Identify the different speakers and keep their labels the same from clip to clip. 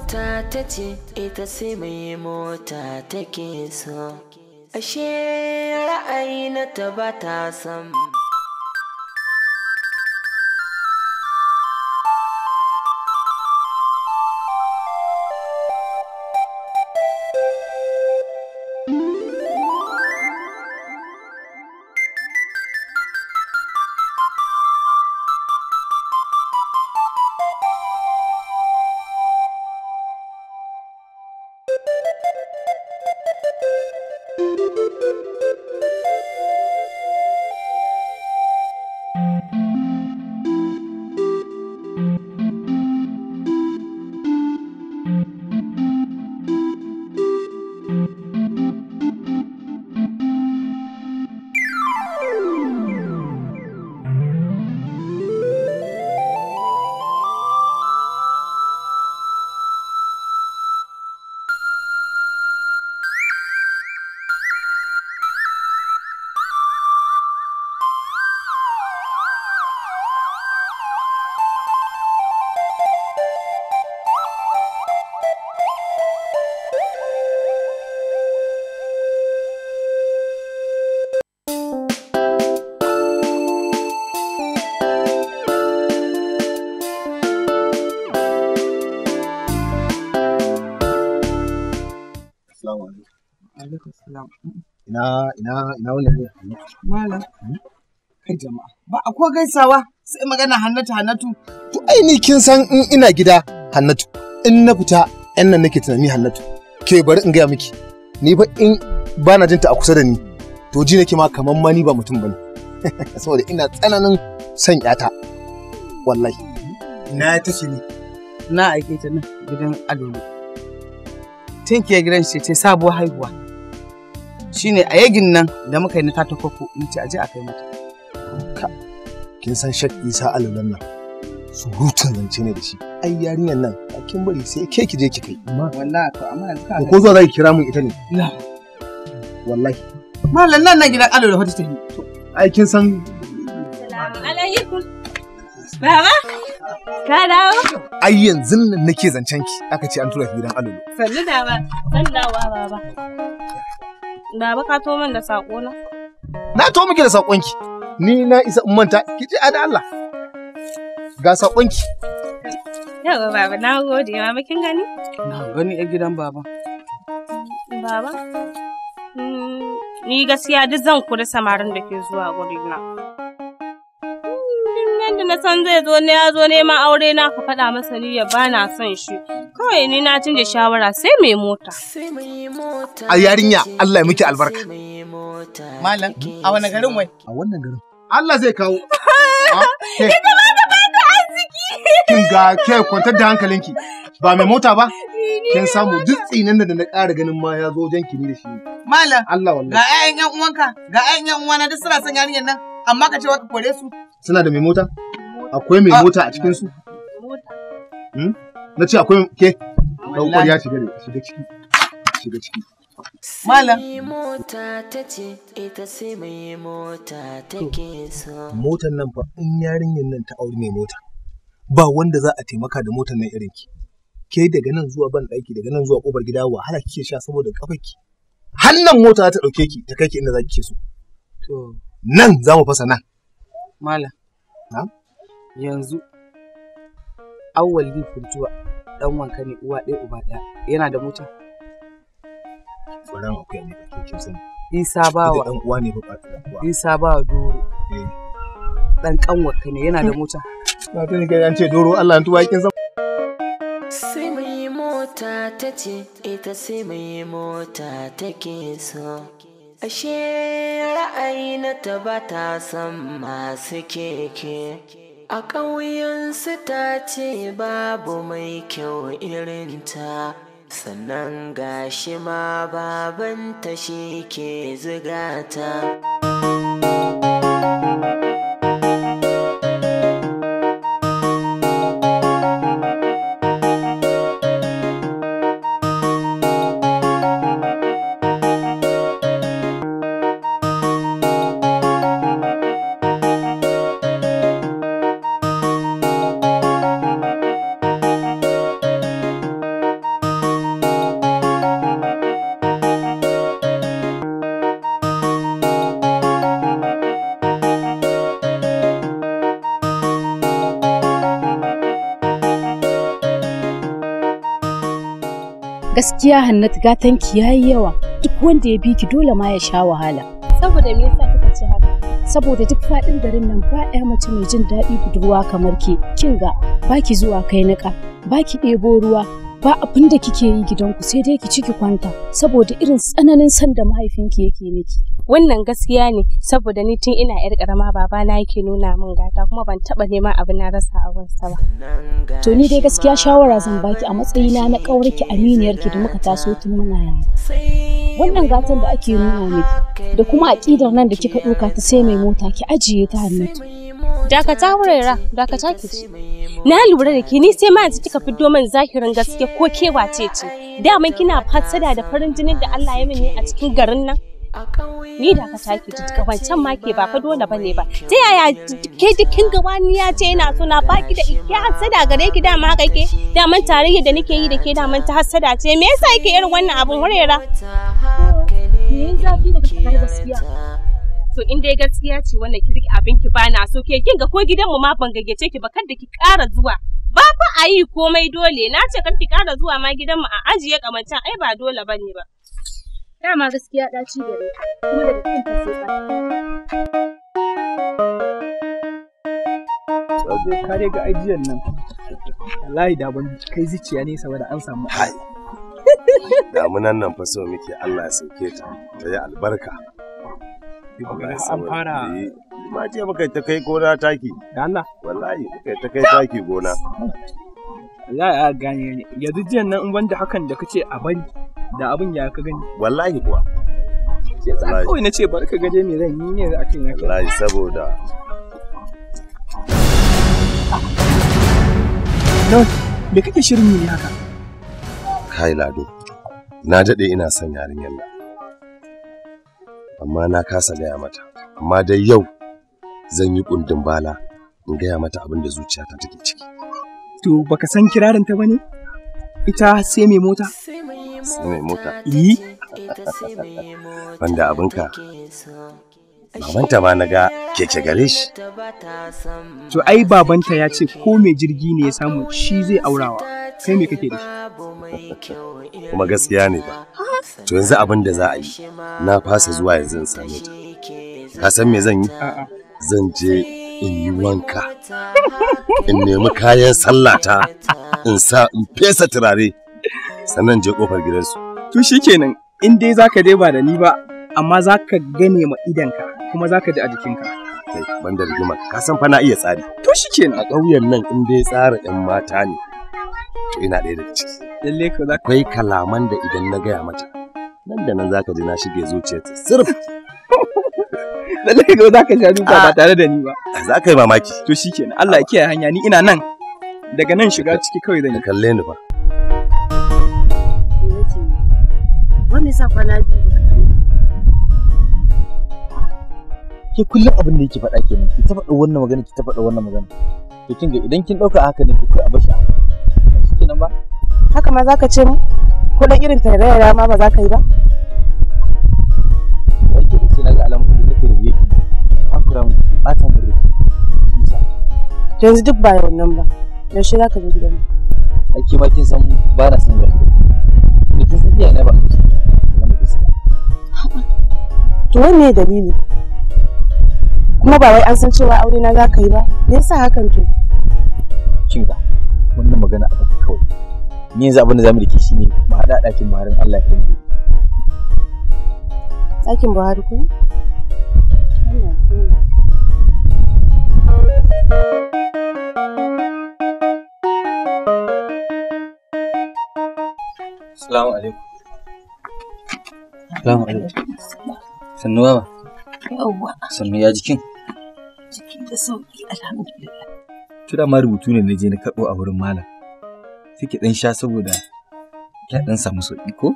Speaker 1: mota ta ce ita sai mai mota take so ashe ra'ayi na ta ba ta san
Speaker 2: ina ina ina wannan ne malam kai jama'a
Speaker 3: ba ko gaisawa sai magana hannatu hannatu to ai ni kin san in
Speaker 2: ina gida hannatu in na fita yan nan nake tunani hannatu ke bari in gaya miki ni fa in ba na jinta a kusa da ni to ji nake ma kamar ma ni ba mutum bane saboda ina
Speaker 3: tsananin son yata wallahi na ta shi na aike ta nan gidan alolo tinkiya gidan shi ce sabuwar haihuwa shine a yagin nan da muka yi na ta koko in ce aje a kai mata
Speaker 2: kin san shak isa alalan nan surutun zance ne da shi ai yarinyar nan a kin bari sai ke ki je ki kai wallahi to amma ka ko zuwa zaki kira mun ita ne la wallahi malam nan na gidan alalan hoto ta ai kin san
Speaker 4: baba Ka dawo?
Speaker 2: Ai yanzu nan nake zancen ki, aka ce an tura ki gidan Alolo.
Speaker 4: Sannu da ba, sannawa baba. Baba ka to min da sako na?
Speaker 2: Na to miki da sakonki. Ni na isa in
Speaker 3: manta ki ji ada Allah. Ga sakonki.
Speaker 4: Yawa baba na gode ma kin gani?
Speaker 3: Na gani a gidan baba.
Speaker 4: Baba? Mm, ni gaskiya duk zan kuri samarin da ke zuwa gurina. wanda na san zai zo ne ya zo neman aure na ka faɗa masa ni ya na son shi kawai ni na canza shawara sai mai mota
Speaker 2: a yarinya Allah ya miki albarka
Speaker 4: malam
Speaker 3: a wani garin wai
Speaker 2: a wannan garin
Speaker 4: Allah zai kawo
Speaker 3: ah, ita ma ta bata
Speaker 2: arziki kin ga ke kwantar da hankalinki ba mai mota ba
Speaker 3: kin samu duk
Speaker 2: nan da na ƙara ganin ma ya zo jan kini da shi malam Allah wallahi ga
Speaker 3: ƴaƴan ƴan uwanka ga ƴaƴan ƴan uwana duk suna son yarinyar nan amma ka ce ka kore su
Speaker 2: suna da mai mota Akwai mai ah. mota a cikinsu? Hmm? Na ce akwai ke? Ah, Ɗaukar ya shiga shiga ciki. Shiga ciki.
Speaker 1: Malam. Mota ta
Speaker 2: Motan nan fa in yarinyar nan ta auri mai mota. Ba wanda za a taimaka da motan nan irin ki. Ke daga nan zuwa ban ɗaki daga nan zuwa ƙofar gida wahala kike sha saboda ƙafarki, Hannan mota ta ɗauke ki ta kai ki inda za ki ke so. Nan za mu fasa nan.
Speaker 3: Malam. Na? yanzu Auwal D. kuntuwa. Dan wanka ne uwa ɗaya uba ɗaya yana da mota.
Speaker 5: Tsoron
Speaker 2: akwai ne kake kin sani. Isa bawa. dan uwa ne ba
Speaker 3: uwa. Isa bawa doro.
Speaker 2: Dan eh. kanwa ne yana da mota. Na tuni ga an ce doro Allah an tuba kin san.
Speaker 1: Sai mai mota ta ce ita sai mai mota take so. Ashe ra'ayi na ta ba ta san masu keke. A ƙauyensu ta ce babu mai kyau irinta, sannan gashi ma babanta shi ke zigata.
Speaker 4: gaskiya hannatu gatan ki yayi yawa duk wanda ya bi ki dole ma ya sha wahala saboda me yasa kika ce haka saboda duk faɗin garin nan ba ɗaya mace mai jin daɗi budurwa kamar ki kin ga baki zuwa kai niƙa baki ɗebo ruwa ba abin da kike yi gidanku sai dai ki ci ki kwanta saboda irin tsananin san da mahaifinki yake miki wannan gaskiya ne saboda ni tun ina yar karama baba na yake nuna min gata kuma ban taba neman abu na rasa a wansa ba to ni dai gaskiya shawara zan baki a matsayina na kawarki aminiyarki da muka taso tun muna yara wannan gatan da ake nuna miki da kuma aƙidar nan da kika ɗauka ta sai mai mota ki ajiye ta hannu Dakata wurera, dakata ki Na lura da ke ni sai ma yanzu kika fiddo man zahirin gaske ko ke wace ce. Daman kina fatsada da farin jinin da Allah ya mini a cikin garin nan. Ni dakata ki ji wancan ma ke ba fa dole bane ba. Ta yaya ke dikin gaba ni ya ce yana so na baki da ke hasada gare ki dama haka ke. Daman tarihi da nake yi da ke daman ta hasada ce. Me yasa yake irin wannan abun wurera? zafi gaskiya? to in dai gaskiya ce wannan ki rike abin ki bana so ke kin ga ko gidanmu ma ban gaggace ki ba kada ki ƙara zuwa ba fa a yi komai dole na ce kar ki ƙara zuwa ma gidanmu a ajiye kamanta ai ba dole bane ba dama gaskiya da gare
Speaker 6: ka kuma daga kan ki sai ba ka ga ajiyan nan wallahi da ban kai zuciya ne saboda an samu hai
Speaker 5: damunan nan fa so muke Allah ya sauke ta ta yi albarka ma ce kai gona taki taki gona
Speaker 6: yanzu jiyan nan hakan da kace a bari da abin ya ka gani
Speaker 5: wallahi kuwa kawai
Speaker 6: na ce barka me zan yi ne a kai na
Speaker 5: wallahi saboda me kake shirin haka? Kai Lado, na daɗe ina son yarinyar nan. amma na kasa gaya mata amma dai yau zan yi kundin bala in gaya mata abin da zuciyata take ciki
Speaker 6: to baka san kirarin ta bane ita sai mai mota sai
Speaker 5: mai mota yi wanda abinka babanta ma na ga keke gare shi.
Speaker 1: To ai babanta
Speaker 5: ya ce ko mai jirgi ne
Speaker 6: ya samu shi zai aurawa kai me kake da
Speaker 5: shi. Kuma gaskiya ne ba. To yanzu abin da za a yi, na fasa zuwa yanzu in same ta. Ka san me zan yi? Zan je in yi wanka, in nemi kayan sallata, in sa in fesa turare, sannan je kofar gidansu. To shi kenan, in dai za dai ba da
Speaker 6: ni ba, amma za ka gane ma idanka kuma za ji a jikinka.
Speaker 5: Kai, ban da rigima, ka san fa na iya tsari. To shi kenan. A ƙauyen nan in dai tsara 'yan mata ne, to ina ɗaya daga ciki. lalle ko za akwai kalaman da idan na gaya mata nan da nan za ka ji na shige zuciyarta sirf
Speaker 6: lalle ko za sha duka
Speaker 5: ba ah. tare da ni ba
Speaker 6: za ka yi mamaki to shikenan Allah ya kiyaye hanya ni ina nan daga nan shiga ciki kawai zan yi kalle ni ba
Speaker 4: wani sa kwana biyu
Speaker 7: ke kullum abin da yake faɗa kenan ki ta faɗa wannan magana ki ta faɗa wannan magana to kinga idan kin ɗauka haka ne ku kai a bashi a
Speaker 4: kenan ba haka ma za ka ce mu irin tarayyara ma ba za ka yi ba yanzu duk ba wannan ba yaushe za ka zo gidan
Speaker 7: ba na san da kin san
Speaker 3: kuma ba wai an san cewa aure na za ka yi ba me yasa hakan to
Speaker 7: kin ga wannan magana ni yanzu abin da rike shi ne ba haɗa ɗakin Buhari Allah ya yi
Speaker 4: ɗakin Buhari ko
Speaker 7: Assalamu alaikum. Assalamu alaikum. Sannu baba. Yawwa. Sannu ya jikin?
Speaker 3: Jikin da sauki alhamdulillah.
Speaker 7: Tura ma rubutu ne na je na karɓo a wurin malam. sai ki ɗan sha saboda ki ɗan samu sauƙi ko?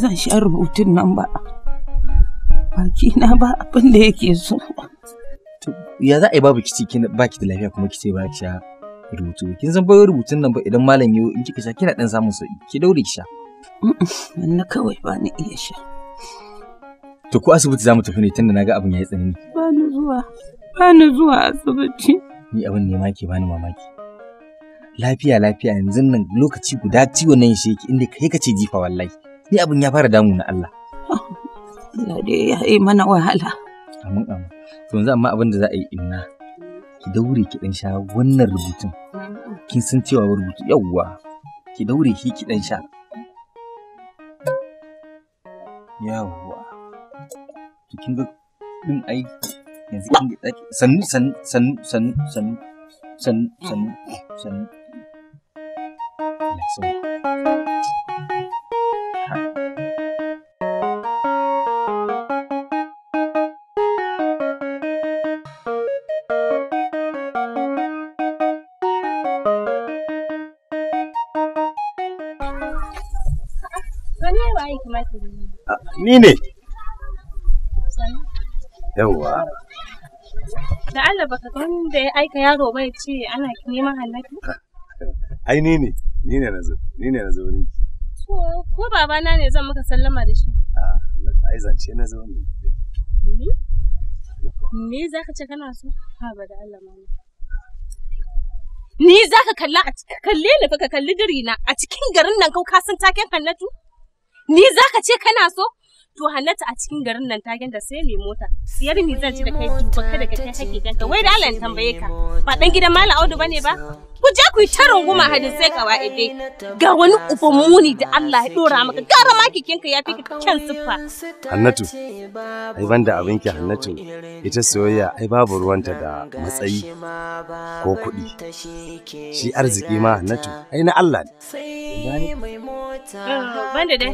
Speaker 3: Zan sha rubutun nan ba. Baki na ba abin da yake so.
Speaker 7: Ya za a yi babu kici baki da lafiya kuma kice ba ki sha rubutu. Kin san bayan rubutun nan ba idan malam yau in kika sha kina ɗan samun sauƙi. Ki daure ki sha. Wannan kawai ba ni iya sha. To ko asibiti za mu tafi ne tunda na ga abin ya yi tsanani.
Speaker 3: Ba ni zuwa. Ba ni zuwa asibiti.
Speaker 7: Ni abin ne ma ke bani mamaki. lafiya lafiya yanzu nan lokaci guda ciwon nan shi yake inda kai kace jifa wallahi ni abin ya fara damu na Allah
Speaker 3: Allah dai ya yi mana wahala
Speaker 7: amin amin to yanzu amma abin da za a yi inna ki daure ki dan sha wannan rubutun kin san cewa rubutu yawwa ki daure ki ki dan sha yawwa to kin ga din ai yanzu kin ga sannu sannu sannu sannu sannu sannu sannu sannu
Speaker 2: so ah,
Speaker 5: Ni ne. Yawwa.
Speaker 4: Da Allah baka ga wanda ya aika yaro bai ce ana neman hannatu?
Speaker 5: Ai ni ne. Ni ne na ni ne na zo wurin ki.
Speaker 4: To, ko babana ne zan maka sallama da shi?
Speaker 5: A'a, ah, Allah ta yi na zo ne.
Speaker 4: Ni? Ni za ka ce kana so? Ha ba da Allah mana. Ni za ka kalla a kalle ni fa ka kalli diri na a cikin garin nan kau ka san taken Hannatu? Ni za ka ce kana so? to hannata a cikin garin nan ta ganda sai mai mota siyar ni zan ci da kai duba kada ka kai hake ganka wai da Allah ya tambaye ka ba dan gidan Malam Audu bane ba ku je ku yi ta runguma hadisai dai ga wani uban muni da Allah ya dora maka gara ma kikinka ya fi kyan siffa
Speaker 5: Hannatu ai banda abin ki Hannatu ita soyayya ai babu ruwanta da matsayi ko kuɗi shi arziki ma Hannatu ai na Allah ne
Speaker 4: Ah, banda dai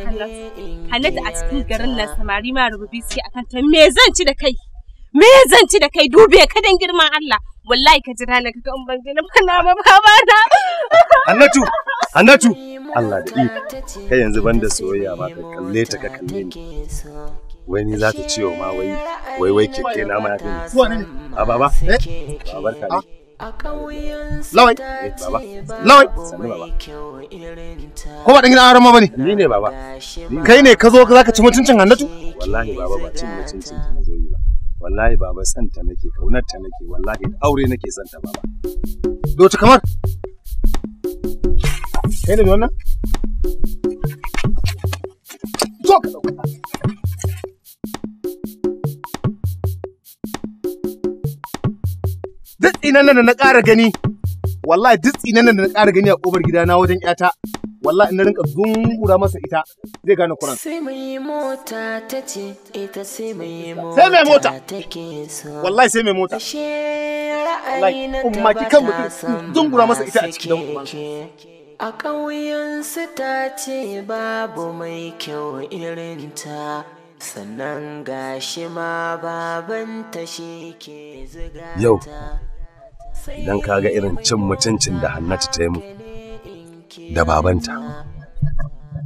Speaker 4: hannatu a cikin garin nan samari ma rububi suke akan ta me zan ci da kai me zan ci da kai dube ka dan girman Allah wallahi ka jira na kaga in ban gani ba na ba ba
Speaker 5: Hannatu Hannatu Allah da iko kai yanzu banda soyayya ba ka kalle ta ka kalle ni wai ni za ta ce wa ma wai wai wai keke na ma ya kai a baba eh babar ka ne Lawai. Eh,
Speaker 2: Lawai. Ko ba dan gidan aron ma bane? Ni ne baba. Kai ne ka zo zaka ci mutuncin Hannatu?
Speaker 5: Wallahi baba ba cin mutuncin ta zo yi ba. Wallahi baba san ta nake, kaunar ta nake, wallahi aure nake san ta baba. do Doce kamar. Kai ne wannan?
Speaker 2: tsinan nan da na ƙara gani wallahi duk tsinan nan da na ƙara gani a ƙofar gidana wajen ƴata wallahi na rinka gungura masa ita zai gane kuran
Speaker 1: sai mai mota ta ce ita sai mai mota sai mai mota
Speaker 2: wallahi sai mai mota wallahi umma ki kan mutum gungura masa ita a cikin
Speaker 1: dan A ƙauyensu ta ce babu mai kyau irin ta sannan gashi ma babanta shi ke zuga ta idan ka ga
Speaker 5: irin cin mutuncin da hannatu ta yi mu da babanta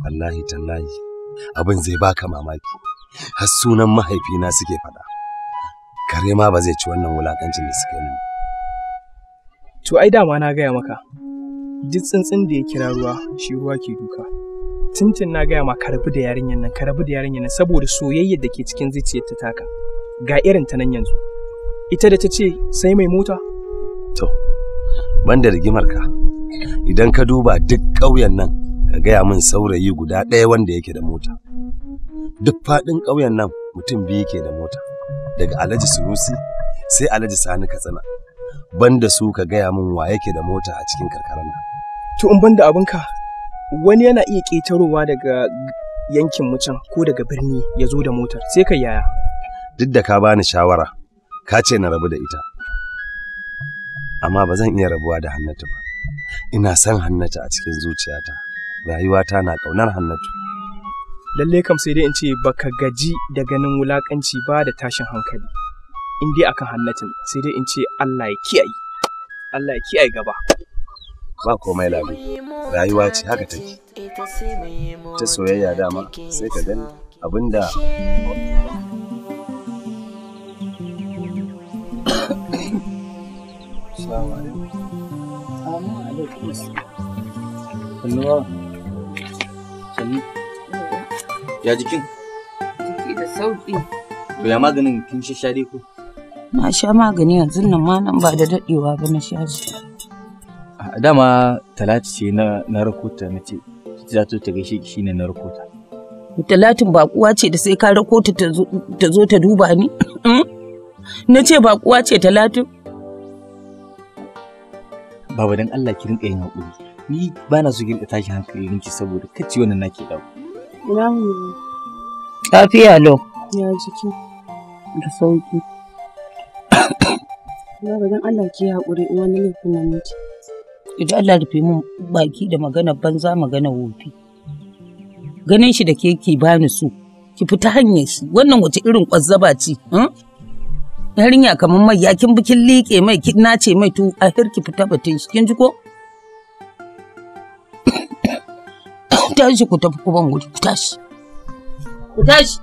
Speaker 5: wallahi tallahi abin zai baka mamaki har sunan mahaifina suke faɗa kare ma ba zai ci wannan wulakancin da suke yi
Speaker 6: to ai dama na gaya maka duk tsintsin da ya kira ruwa shi ruwa ke duka tuntun na gaya ma ka da yarinyar nan ka rabu da yarinyar nan saboda soyayyar da ke cikin zuciyar ta taka ga irin ta nan yanzu ita da ta ce sai mai mota
Speaker 5: to banda rigimar ka idan ka duba duk ƙauyen nan ka gaya min saurayi guda ɗaya wanda yake da mota duk faɗin ƙauyen nan mutum biyu ke da mota daga alhaji sunusi sai alhaji sani katsina banda su ka gaya min wa yake da mota a cikin karkarar nan to in banda abinka wani yana iya ƙetarowa daga yankin
Speaker 6: mucan ko daga birni ya zo da motar sai ka yaya
Speaker 5: duk da ka bani shawara ka ce na rabu da ita amma ba zan iya rabuwa da hannatu ba ina son hannatu a cikin zuciyata rayuwata na ƙaunar hannatu
Speaker 6: lalle kam sai dai in ce baka gaji da ganin wulakanci ba da tashin hankali in dai akan hannatin sai dai in ce Allah ya kiyaye Allah ya kiyaye gaba
Speaker 5: ba komai labi rayuwa ce haka take ta soyayya dama sai ka gani abinda Assalamu alaikum.
Speaker 4: Sannuwa.
Speaker 7: Sannu.
Speaker 3: Na sha magani yanzu nan ma nan ba da daɗewa ba na sha shi.
Speaker 7: Dama Talatu ce na rakota na ce ta gaishe ki shine na rakota.
Speaker 3: Talatin ba kuwa ce da sai ka ta zo ta duba ni? Hmm? Na ce ce
Speaker 7: baba dan Allah ki rinka yin haƙuri ni ba na so ki rinka tashi hankali ninki saboda kace wannan nake dawo
Speaker 3: ina mu tafiya lo ya jiki da sauki baba dan Allah ki haƙuri in wani laifin na miki idan Allah rufe mun baki da magana banza magana wofi ganin shi da ke ki bani su ki fita hanyar shi wannan wace irin kwazzaba ce hmm? yarinya kamar mai yakin bikin liƙe mai na ce mai tu a hirki fita batun shi kin ji ko tashi ku tafi ku ban wuri ku tashi ku tashi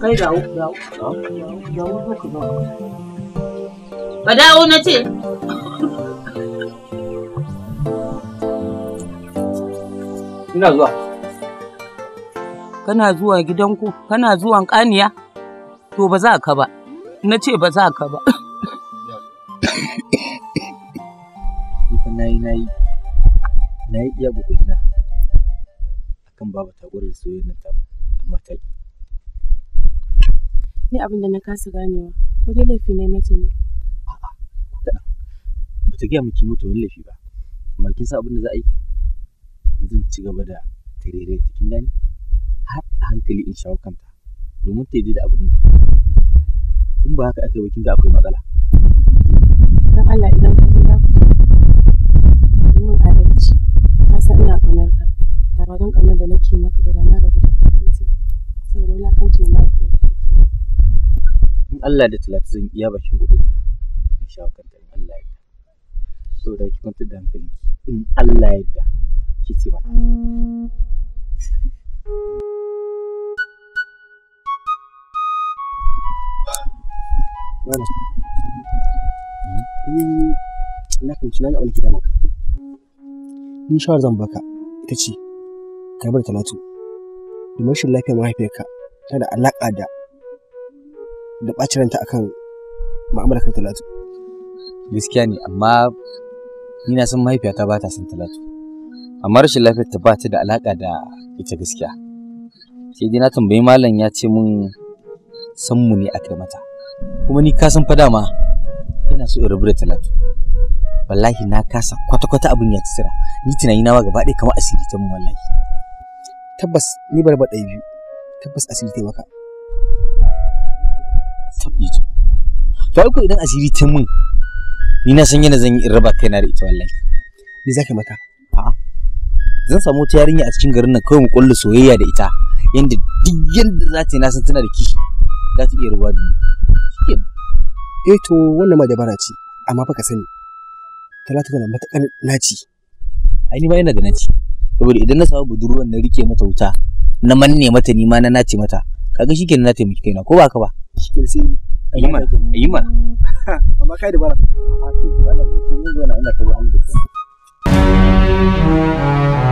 Speaker 3: kai dawo dawo dawo dawo ba dawo na ce ina zuwa kana zuwa gidanku kana zuwan kaniya to ba za ka ba na ce ba za ka ba
Speaker 7: na yi na yi na yi iya gudunna a kan babu taguwar da soyayyar nan amma ta ki
Speaker 4: ni abin da na kasa ganewa ko dai laifi ne mata ne
Speaker 7: ba ta gaya miki mutu wani laifi ba amma kin san abin da za a yi zan ci gaba da tarere kin gani har a hankali in shawo kanta domin ta yarda da abin nan in ba haka aka yi ba ga akwai matsala
Speaker 4: don Allah idan ka ji za ku yi min adalci ka san ina ƙaunar ka da ba don ƙaunar da nake maka ba da na rabu da kai tuntun saboda wulakancin mahaifiyar ka take
Speaker 7: in Allah da talatu zan iya bakin gobe na
Speaker 4: in shawo kanta in Allah ya
Speaker 7: saboda ki kwantar da hankalinki in Allah ya yarda ki ce ba
Speaker 2: Ina kan na fahimci na ga abin da maka. Ni
Speaker 6: shawar zan baka ita ce ka bar talatu. Domin rashin lafiyar mahaifiyarka tana da alaƙa da da ɓacin ranta akan ma'amala kan talatu.
Speaker 7: Gaskiya ne amma ni na san mahaifiyata ba ta son talatu. Amma rashin lafiyar ta ba ta da alaƙa da ita gaskiya. Sai dai na tambayi malam ya ce mun san mu ne aka mata. kuma ni ka san fa dama ina so in rabu da talatu wallahi na kasa kwata-kwata abin ya tsira ni tunani na gaba ɗaya kamar asiri ta mu wallahi tabbas ni barba ɗaya biyu tabbas asiri ta maka tabbiji to ai ko idan asiri ta mun ni na san yana zan yi in raba na da ita wallahi ni zaka mata a'a zan samu wata yarinya a cikin garin nan kawai mu kullu soyayya da ita yanda duk yanda za ta yi na san tana da kishi za ta iya ruwa da ni eh to wannan ma dabara ce amma baka sani talatu tana matakan naci ai ni ma ina da naci saboda idan na samu budurwar na rike mata wuta na manne mata ni ma na naci mata kaga kenan na taimaki kaina ko ba ka ba shikenan sai yi mana yi mana
Speaker 3: amma kai dabara a ah, to wannan ne ina ta wahala da kai